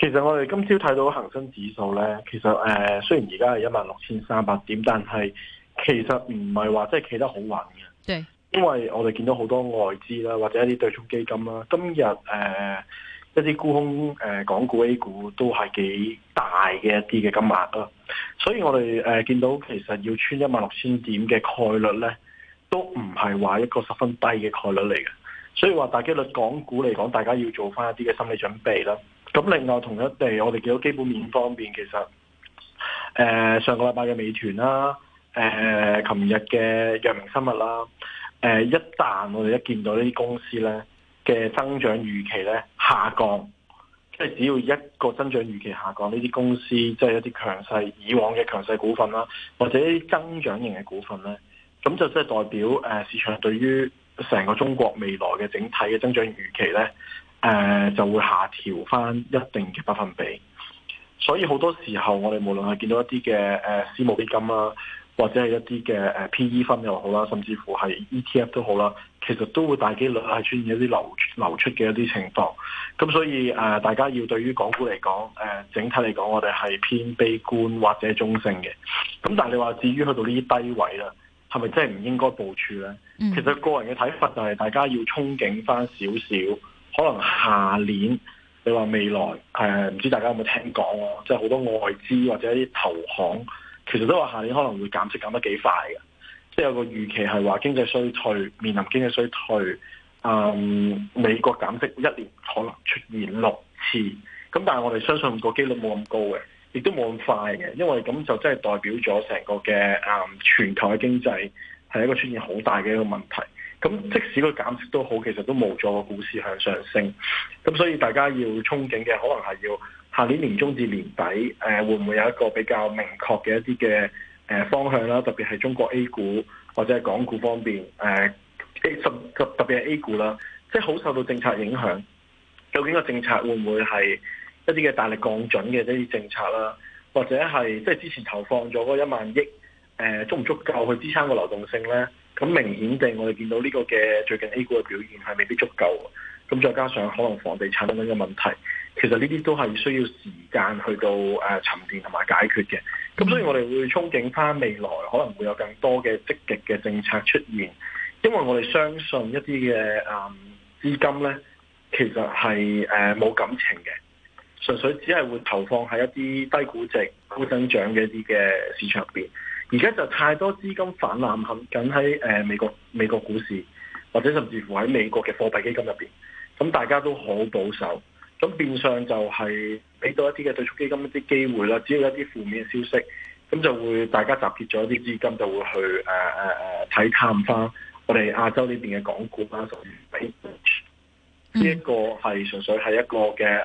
其實我哋今朝睇到恒生指數咧，其實誒、呃，雖然而家係一萬六千三百點，但係其實唔係話即係企得好穩嘅。對因為我哋見到好多外資啦，或者一啲對沖基金啦，今日誒、呃、一啲沽空誒、呃、港股 A 股都係幾大嘅一啲嘅金額啦，所以我哋誒、呃、見到其實要穿一萬六千點嘅概率咧，都唔係話一個十分低嘅概率嚟嘅。所以話大機率港股嚟講，大家要做翻一啲嘅心理準備啦。咁另外同一地，我哋見到基本面方面，其實誒、呃、上個禮拜嘅美團啦，誒琴日嘅藥明生物啦，誒、呃、一旦我哋一見到呢啲公司咧嘅增長預期咧下降，即係只要一個增長預期下降，呢啲公司即係一啲強勢以往嘅強勢股份啦，或者一啲增長型嘅股份咧，咁就即係代表誒市場對於成個中國未來嘅整體嘅增長預期咧、呃，就會下調翻一定嘅百分比。所以好多時候，我哋無論係見到一啲嘅私募基金啦，或者係一啲嘅 P E 分又好啦，甚至乎係 E T F 都好啦，其實都會大幾率係出現一啲流流出嘅一啲情況。咁所以、呃、大家要對於港股嚟講、呃，整體嚟講，我哋係偏悲觀或者中性嘅。咁但係你話至於去到呢啲低位啦。係咪真係唔應該部署咧？其實個人嘅睇法就係大家要憧憬翻少少，可能下年你話未來誒，唔知大家有冇聽講咯？即係好多外資或者啲投行，其實都話下年可能會減息減得幾快嘅，即係有個預期係話經濟衰退，面臨經濟衰退，嗯，美國減息一年可能出現六次，咁但係我哋相信個機率冇咁高嘅。亦都冇咁快嘅，因為咁就真係代表咗成個嘅、嗯、全球嘅經濟係一個出現好大嘅一個問題。咁即使個減息都好，其實都冇助個股市向上升。咁所以大家要憧憬嘅可能係要下年年中至年底，誒、呃、會唔會有一個比較明確嘅一啲嘅誒方向啦？特別係中國 A 股或者係港股方面，誒特特特別係 A 股啦，即係好受到政策影響，究竟個政策會唔會係一啲嘅大力降準嘅一啲政策啦，或者係即係之前投放咗嗰一萬億，誒足唔足夠去支撐個流動性咧？咁明顯地，我哋見到呢個嘅最近 A 股嘅表現係未必足夠。咁再加上可能房地產等等嘅問題，其實呢啲都係需要時間去到誒沉澱同埋解決嘅。咁所以，我哋會憧憬返未來可能會有更多嘅積極嘅政策出現，因為我哋相信一啲嘅誒資金咧，其實係誒冇感情嘅。純粹只係會投放喺一啲低估值、高增長嘅一啲嘅市場入邊，而家就太多資金氾濫緊喺誒美國美國股市，或者甚至乎喺美國嘅貨幣基金入邊，咁大家都好保守，咁變相就係俾到一啲嘅對沖基金一啲機會啦。只要一啲負面嘅消息，咁就會大家集結咗一啲資金，就會去誒誒誒睇探翻我哋亞洲呢邊嘅港股啦，屬於俾呢一個係純粹係一個嘅誒。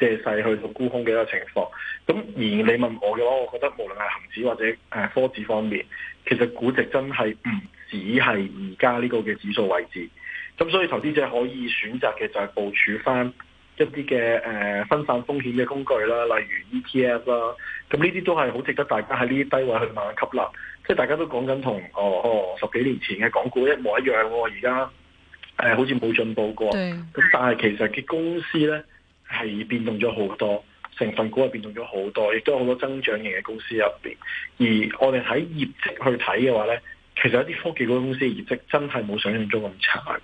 即係細去到沽空嘅一個情況，咁而你問我嘅話，我覺得無論係恆指或者誒科指方面，其實估值真係唔止係而家呢個嘅指數位置，咁所以投資者可以選擇嘅就係部署翻一啲嘅誒分散風險嘅工具啦，例如 ETF 啦、啊，咁呢啲都係好值得大家喺呢啲低位去慢慢吸納。即係大家都講緊同哦哦十幾年前嘅港股一模一樣喎、哦，而家誒好似冇進步過，咁對但係其實嘅公司咧。係變動咗好多成分股，係變動咗好多，亦都有好多增長型嘅公司入邊。而我哋喺業績去睇嘅話呢，其實一啲科技公司嘅業績真係冇想象中咁差。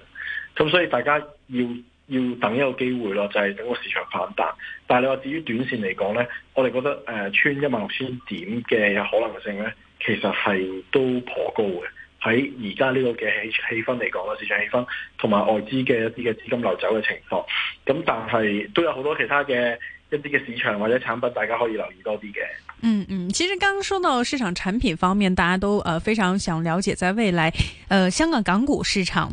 咁所以大家要要等一個機會咯，就係等個市場反彈。但係你話至於短線嚟講呢，我哋覺得誒穿一萬六千點嘅可能性呢，其實係都頗高嘅。喺而家呢個嘅氣氣氛嚟講啦，市場氣氛同埋外資嘅一啲嘅資金流走嘅情況，咁但係都有好多其他嘅一啲嘅市場或者產品，大家可以留意多啲嘅。嗯嗯，其實剛剛說到市場產品方面，大家都誒、呃、非常想了解，在未來誒、呃、香港港股市場，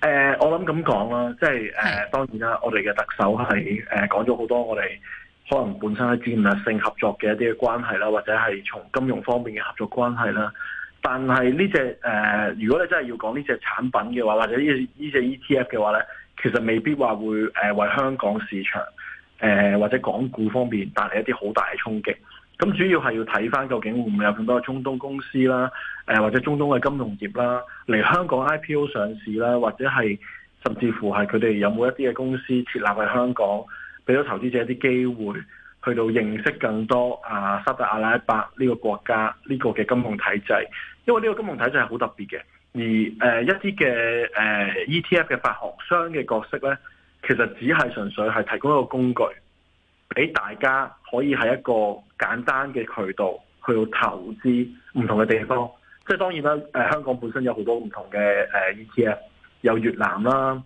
誒、呃，我諗咁講啦，即係誒、呃，當然啦，我哋嘅特首係誒講咗好多我哋可能本身係戰略性合作嘅一啲嘅關係啦，或者係從金融方面嘅合作關係啦。但係呢隻誒，如果你真係要講呢隻產品嘅話，或者呢呢隻 ETF 嘅話咧，其實未必話會誒、呃、為香港市場誒、呃、或者港股方面帶嚟一啲好大嘅衝擊。咁主要係要睇翻究竟會唔會有更多中東公司啦、呃，或者中東嘅金融業啦嚟香港 IPO 上市啦，或者係甚至乎係佢哋有冇一啲嘅公司設立喺香港，俾咗投資者一啲機會去到認識更多啊沙特阿拉伯呢個國家呢、呢個嘅金融體制，因為呢個金融體制係好特別嘅。而誒、呃、一啲嘅、呃、ETF 嘅發行商嘅角色咧，其實只係純粹係提供一個工具。俾大家可以喺一個簡單嘅渠道去到投資唔同嘅地方，即係當然啦。誒，香港本身有好多唔同嘅誒 ETF，有越南啦，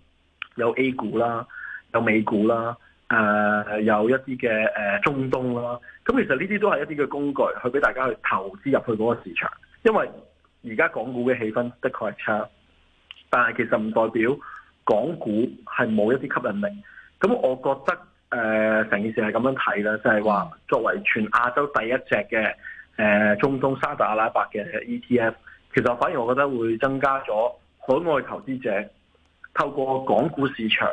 有 A 股啦，有美股啦，誒、呃，有一啲嘅誒中東啦。咁其實呢啲都係一啲嘅工具去俾大家去投資入去嗰個市場，因為而家港股嘅氣氛的確係差，但係其實唔代表港股係冇一啲吸引力。咁我覺得。誒，成、呃、件事係咁樣睇啦，就係、是、話作為全亞洲第一隻嘅誒、呃、中東沙特阿拉伯嘅 ETF，其實反而我覺得會增加咗海外投資者透過港股市場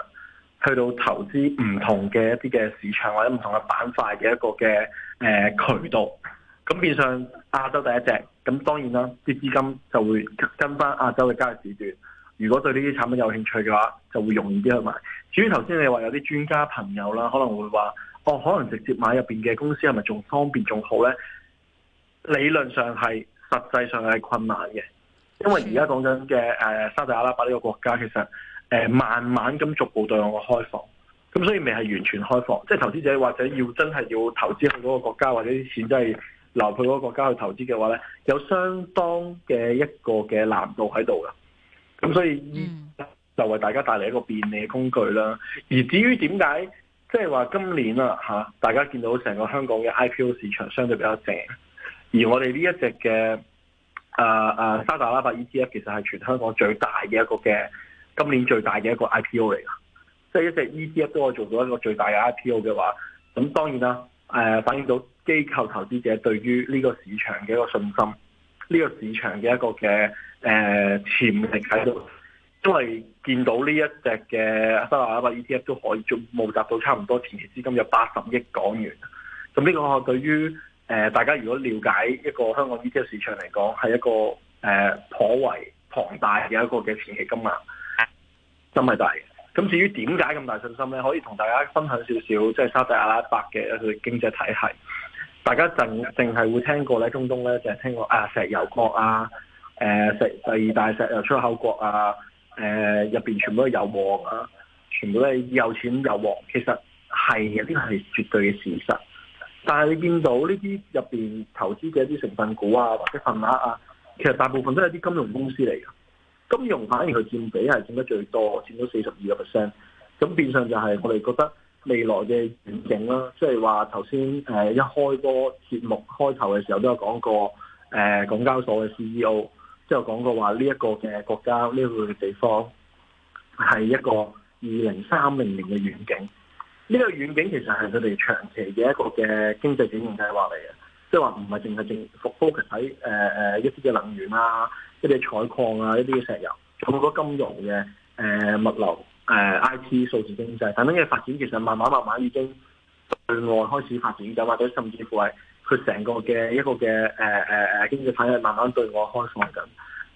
去到投資唔同嘅一啲嘅市場或者唔同嘅板塊嘅一個嘅誒、呃、渠道。咁變相亞洲第一隻，咁當然啦，啲資金就會跟翻亞洲嘅交易時段。如果對呢啲產品有興趣嘅話，就會容易啲去買。至於頭先你話有啲專家朋友啦，可能會話，哦，可能直接買入邊嘅公司係咪仲方便仲好咧？理論上係，實際上係困難嘅，因為而家講緊嘅誒，沙特阿拉伯呢個國家其實誒、啊、慢慢咁逐步對外開放，咁所以未係完全開放。即係投資者或者要真係要投資去嗰個國家，或者啲錢真係留去嗰個國家去投資嘅話咧，有相當嘅一個嘅難度喺度㗎。咁所以，嗯。就為大家帶嚟一個便利嘅工具啦。而至於點解，即係話今年吓、啊，大家見到成個香港嘅 IPO 市場相對比較正。而我哋呢一隻嘅誒誒沙特阿拉伯 ETF，其實係全香港最大嘅一個嘅今年最大嘅一個 IPO 嚟噶。即、就、係、是、一隻 ETF 都可以做到一個最大嘅 IPO 嘅話，咁當然啦，誒、啊、反映到機構投資者對於呢個市場嘅一個信心，呢、這個市場嘅一個嘅誒潛力喺度。因為見到呢一隻嘅沙特阿拉伯 ETF 都可以募集到差唔多前期資金有八十億港元，咁呢個對於誒大家如果瞭解一個香港 ETF 市場嚟講，係一個誒頗為龐大嘅一個嘅前期金額，真係大嘅。咁至於點解咁大信心咧？可以同大家分享少少，即係沙特阿拉伯嘅一個經濟體系。大家淨係會聽過咧，中東咧就係聽過啊石油國啊，誒石第二大石油出口國啊。誒入邊全部都有鑊啊，全部都係有錢有鑊，其實係有啲係絕對嘅事實。但係你見到呢啲入邊投資嘅一啲成分股啊或者份額啊，其實大部分都係啲金融公司嚟嘅，金融反而佢佔比係佔得最多，佔咗四十二個 percent。咁變相就係我哋覺得未來嘅前景啦，即係話頭先誒一開波節目開頭嘅時候都有講過誒、呃、港交所嘅 CEO。之後講過話呢一個嘅國家呢、呢個地方係一個二零三零年嘅遠景。呢、呢個遠景其實係佢哋長期嘅一個嘅經濟轉型計劃嚟嘅，即係話唔係淨係淨復甦喺誒誒一啲嘅能源啊、一啲嘅採礦啊、一啲嘅石油，仲有好多金融嘅誒物流、誒、uh, I T 數字經濟。但呢啲嘅發展其實慢慢慢慢已經對外開始發展，或者甚至乎係。佢成個嘅一個嘅誒誒誒經濟體係慢慢對我開放緊，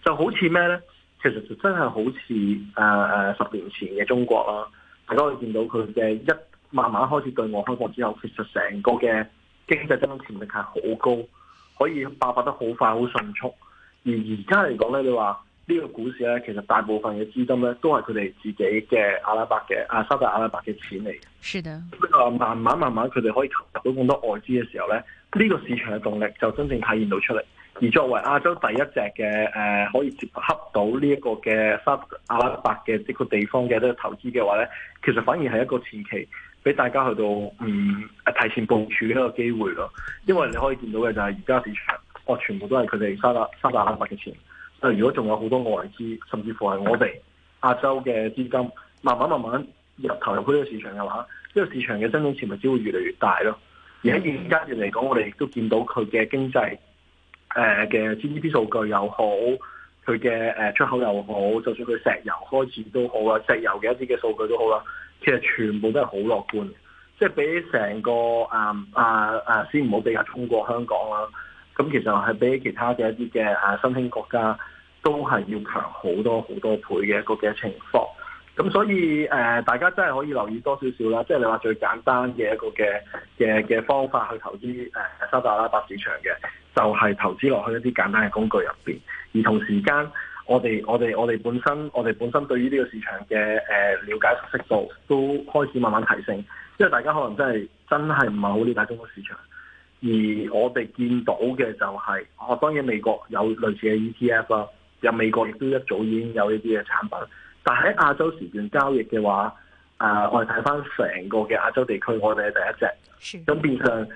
就好似咩咧？其實就真係好似誒誒十年前嘅中國啦，大家可以見到佢嘅一慢慢開始對我開放之後，其實成個嘅經濟增長潛力係好高，可以爆發得好快好迅速。而而家嚟講咧，你話。呢個股市咧，其實大部分嘅資金咧，都係佢哋自己嘅阿拉伯嘅阿、啊、沙特阿拉伯嘅錢嚟嘅。是的。咁啊，慢慢慢慢，佢哋可以投入到咁多外資嘅時候咧，呢個市場嘅動力就真正體現到出嚟。而作為亞洲第一隻嘅誒，可以接洽到呢一個嘅沙特阿拉伯嘅呢個地方嘅呢個投資嘅話咧，其實反而係一個前期俾大家去到嗯提前部署的一個機會咯。因為你可以見到嘅就係而家市場，哦，全部都係佢哋沙特沙特阿拉伯嘅錢。如果仲有好多外資，甚至乎係我哋亞洲嘅資金，慢慢慢慢入投入去呢個市場嘅話，呢、這個市場嘅增長潛力只會越嚟越大咯。而喺現階段嚟講，我哋亦都見到佢嘅經濟，誒嘅 GDP 數據又好，佢嘅誒出口又好，就算佢石油開始都好啦，石油嘅一啲嘅數據都好啦，其實全部都係好樂觀，即係比起成個啊啊啊先唔好比較中國香港啦，咁其實係比其他嘅一啲嘅啊新興國家。都係要強好多好多倍嘅一個嘅情況，咁所以、呃、大家真係可以留意多少少啦。即係你話最簡單嘅一個嘅嘅嘅方法去投資誒沙特阿拉伯市場嘅，就係、是、投資落去一啲簡單嘅工具入邊。而同時間，我哋我哋我哋本身我哋本身對於呢個市場嘅、呃、了解熟悉度都開始慢慢提升，因為大家可能真係真係唔係好了解中國市場，而我哋見到嘅就係、是，我、啊、當然美國有類似嘅 ETF 啦。有美國亦都一早已經有呢啲嘅產品，但喺亞洲時段交易嘅話，誒、呃、我哋睇返成個嘅亞洲地區，我哋係第一隻，咁、嗯、變相誒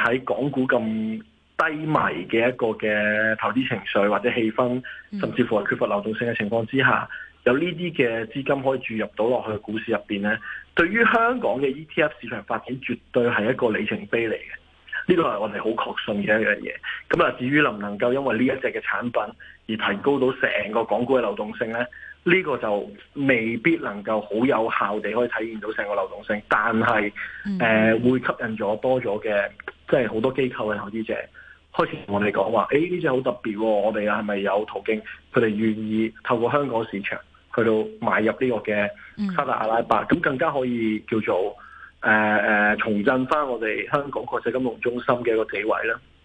喺港股咁低迷嘅一個嘅投資情緒或者氣氛，甚至乎係缺乏流動性嘅情況之下，有呢啲嘅資金可以注入到落去的股市入邊咧，對於香港嘅 ETF 市場發展，絕對係一個里程碑嚟嘅。呢個係我哋好確信嘅一樣嘢。咁啊，至於能唔能夠因為呢一隻嘅產品而提高到成個港股嘅流動性咧？呢個就未必能夠好有效地可以體現到成個流動性。但係誒、呃，會吸引咗多咗嘅即係好多機構嘅投資者開始同我哋講話：誒呢隻好特別喎，我哋係咪有途徑？佢哋願意透過香港市場去到買入呢個嘅沙特阿拉伯，咁更加可以叫做。誒誒、呃，重振翻我哋香港國際金融中心嘅一個地位啦。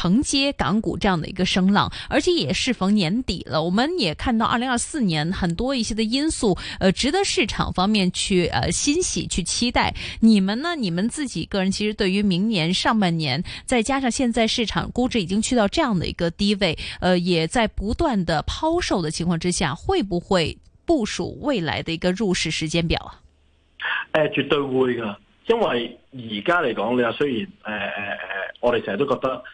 承接港股這樣的一個聲浪，而且也適逢年底了。我們也看到，二零二四年很多一些的因素，呃，值得市場方面去呃欣喜、去期待。你們呢？你們自己個人其實對於明年上半年，再加上現在市場估值已經去到這樣的一個低位，呃，也在不斷的拋售的情況之下，會不會部署未來的一個入市時間表啊？呃，絕對會噶，因為而家嚟講，你話雖然，呃呃呃，我哋成日都覺得。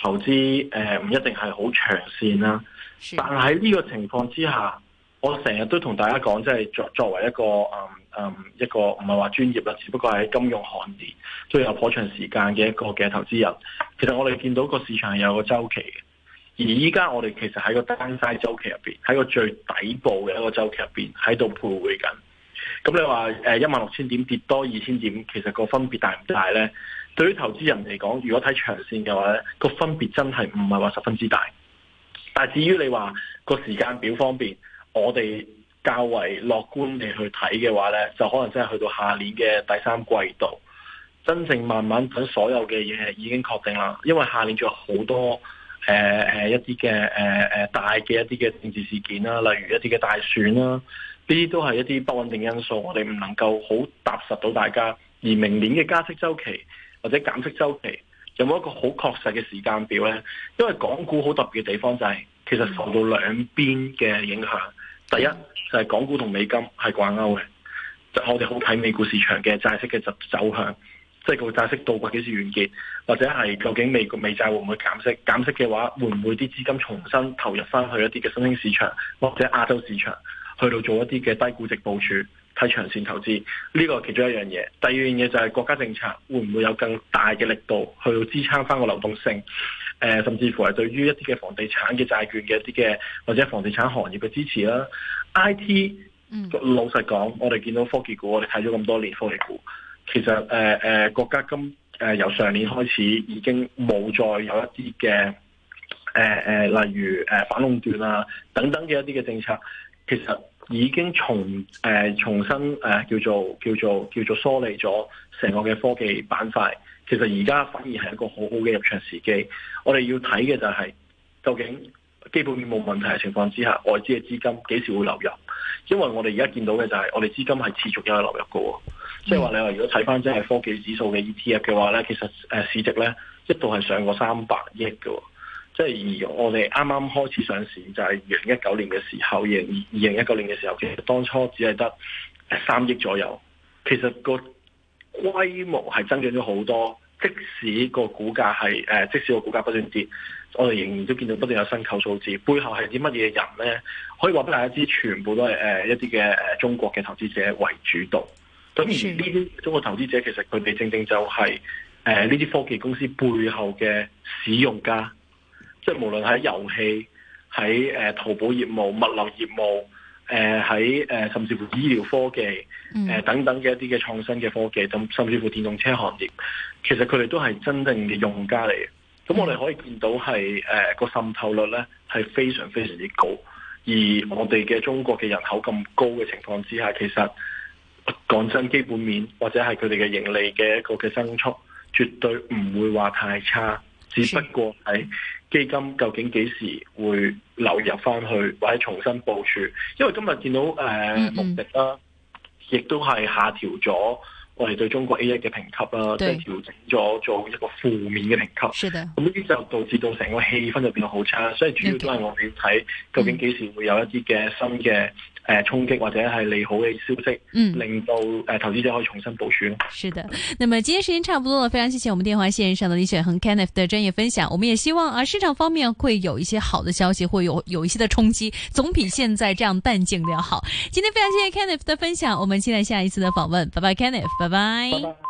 投資誒唔一定係好長線啦，但係呢個情況之下，我成日都同大家講，即係作作為一個誒誒、嗯，一個唔係話專業啦，只不過係金融行業都有頗長時間嘅一個嘅投資人。其實我哋見到個市場係有一個週期嘅，而依家我哋其實喺個單篩週期入邊，喺個最底部嘅一個週期入邊，喺度徘徊緊。咁你話誒一萬六千點跌多二千點，其實個分別大唔大咧？對於投資人嚟講，如果睇長線嘅話咧，個分別真係唔係話十分之大。但至於你話個時間表方面，我哋較為樂觀地去睇嘅話咧，就可能真係去到下年嘅第三季度，真正慢慢等所有嘅嘢已經確定啦。因為下年仲有好多誒誒、呃、一啲嘅誒誒大嘅一啲嘅政治事件啦，例如一啲嘅大選啦，呢啲都係一啲不穩定因素，我哋唔能夠好踏實到大家。而明年嘅加息週期，或者減息周期有冇一個好確實嘅時間表呢？因為港股好特別嘅地方就係、是、其實受到兩邊嘅影響。第一就係、是、港股同美金係掛鈎嘅，我哋好睇美股市場嘅債息嘅走向，即係個債息到達幾時完結，或者係究竟美國美債會唔會減息？減息嘅話，會唔會啲資金重新投入翻去一啲嘅新興市場或者亞洲市場，去到做一啲嘅低估值部署。睇長線投資呢、這個係其中一樣嘢，第二樣嘢就係國家政策會唔會有更大嘅力度去支撐翻個流動性？誒、呃，甚至乎係對於一啲嘅房地產嘅債券嘅一啲嘅或者房地產行業嘅支持啦。I T，、嗯、老實講，我哋見到科技股，我哋睇咗咁多年科技股，其實誒誒、呃，國家今誒、呃、由上年開始已經冇再有一啲嘅誒誒，例如誒反壟斷啊等等嘅一啲嘅政策，其實。已經重誒、呃，重新誒、呃、叫做叫做叫做梳理咗成個嘅科技板塊，其實而家反而係一個很好好嘅入場時機。我哋要睇嘅就係、是、究竟基本面冇問題嘅情況之下，外資嘅資金幾時會流入？因為我哋而家見到嘅就係、是、我哋資金係持續有流入嘅、哦，即係話你話如果睇翻即係科技指數嘅 ETF 嘅話咧，其實誒市值咧一度係上過三百億嘅、哦。即係而我哋啱啱開始上市，就係二零一九年嘅時候，二零二零一九年嘅時候，其實當初只係得三億左右。其實個規模係增長咗好多。即使個股價係、呃、即使個股價不斷跌，我哋仍然都見到不斷有新購數字。背後係啲乜嘢人呢？可以話俾大家知，全部都係誒一啲嘅中國嘅投資者為主導。咁而呢啲中國投資者，其實佢哋正正就係誒呢啲科技公司背後嘅使用家。即係無論喺遊戲、喺誒淘寶業務、物流業務、誒喺誒甚至乎醫療科技、誒等等嘅一啲嘅創新嘅科技，咁甚至乎電動車行業，其實佢哋都係真正嘅用家嚟嘅。咁我哋可以見到係誒個滲透率咧係非常非常之高，而我哋嘅中國嘅人口咁高嘅情況之下，其實講真，基本面或者係佢哋嘅盈利嘅一個嘅增速，絕對唔會話太差。只不過喺基金究竟幾時會流入翻去，或者重新部署？因為今日見到誒穆迪啦，亦、呃嗯嗯啊、都係下調咗我哋對中國 A1 嘅評級啊，即係對調整咗做一個負面嘅評級。咁呢啲就導致到成個氣氛就變到好差，所以主要都係我哋要睇究竟幾時會有一啲嘅新嘅。誒，衝擊、呃、或者係利好嘅消息，嗯，令到、呃、投資者可以重新部署。是的，那麼今天時間差不多了，非常謝謝我們電話線上的李雪恒 Kenneth 嘅專業分享。我們也希望啊，市場方面會有一些好的消息，會有有一些嘅衝擊，總比現在這樣淡靜要好。今天非常謝謝 Kenneth 嘅分享，我們期待下一次嘅訪問，拜拜，Kenneth，拜拜。Bye bye。